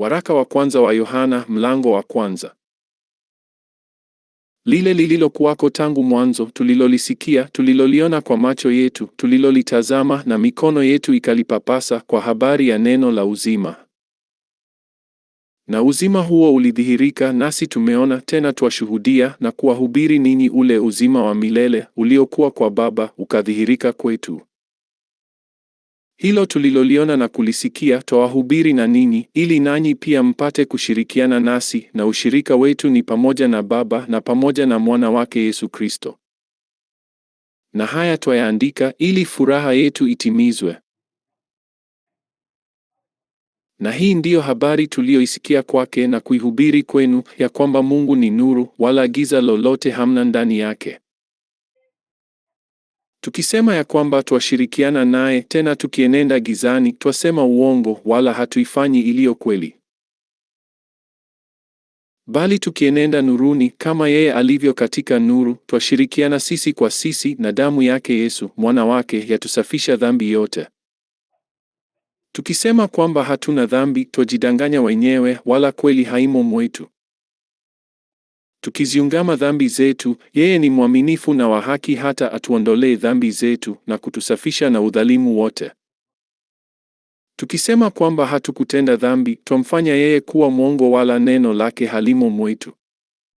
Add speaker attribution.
Speaker 1: Waraka wa kwanza wa Yohana mlango wa kwanza. Lile lililokuwako tangu mwanzo, tulilolisikia, tuliloliona kwa macho yetu, tulilolitazama na mikono yetu ikalipapasa, kwa habari ya neno la uzima. Na uzima huo ulidhihirika, nasi tumeona, tena twashuhudia na kuwahubiri ninyi ule uzima wa milele uliokuwa kwa Baba, ukadhihirika kwetu hilo tuliloliona na kulisikia twawahubiri na ninyi, ili nanyi pia mpate kushirikiana nasi, na ushirika wetu ni pamoja na Baba na pamoja na mwana wake Yesu Kristo. Na haya twayaandika ili furaha yetu itimizwe. Na hii ndiyo habari tuliyoisikia kwake na kuihubiri kwenu, ya kwamba Mungu ni nuru, wala giza lolote hamna ndani yake. Tukisema ya kwamba twashirikiana naye, tena tukienenda gizani, twasema uongo, wala hatuifanyi iliyo kweli. Bali tukienenda nuruni, kama yeye alivyo katika nuru, twashirikiana sisi kwa sisi, na damu yake Yesu mwana wake yatusafisha dhambi yote. Tukisema kwamba hatuna dhambi, twajidanganya wenyewe, wala kweli haimo mwetu. Tukiziungama dhambi zetu, yeye ni mwaminifu na wa haki hata atuondolee dhambi zetu na kutusafisha na udhalimu wote. Tukisema kwamba hatukutenda dhambi, twamfanya yeye kuwa mwongo wala neno lake halimo mwetu.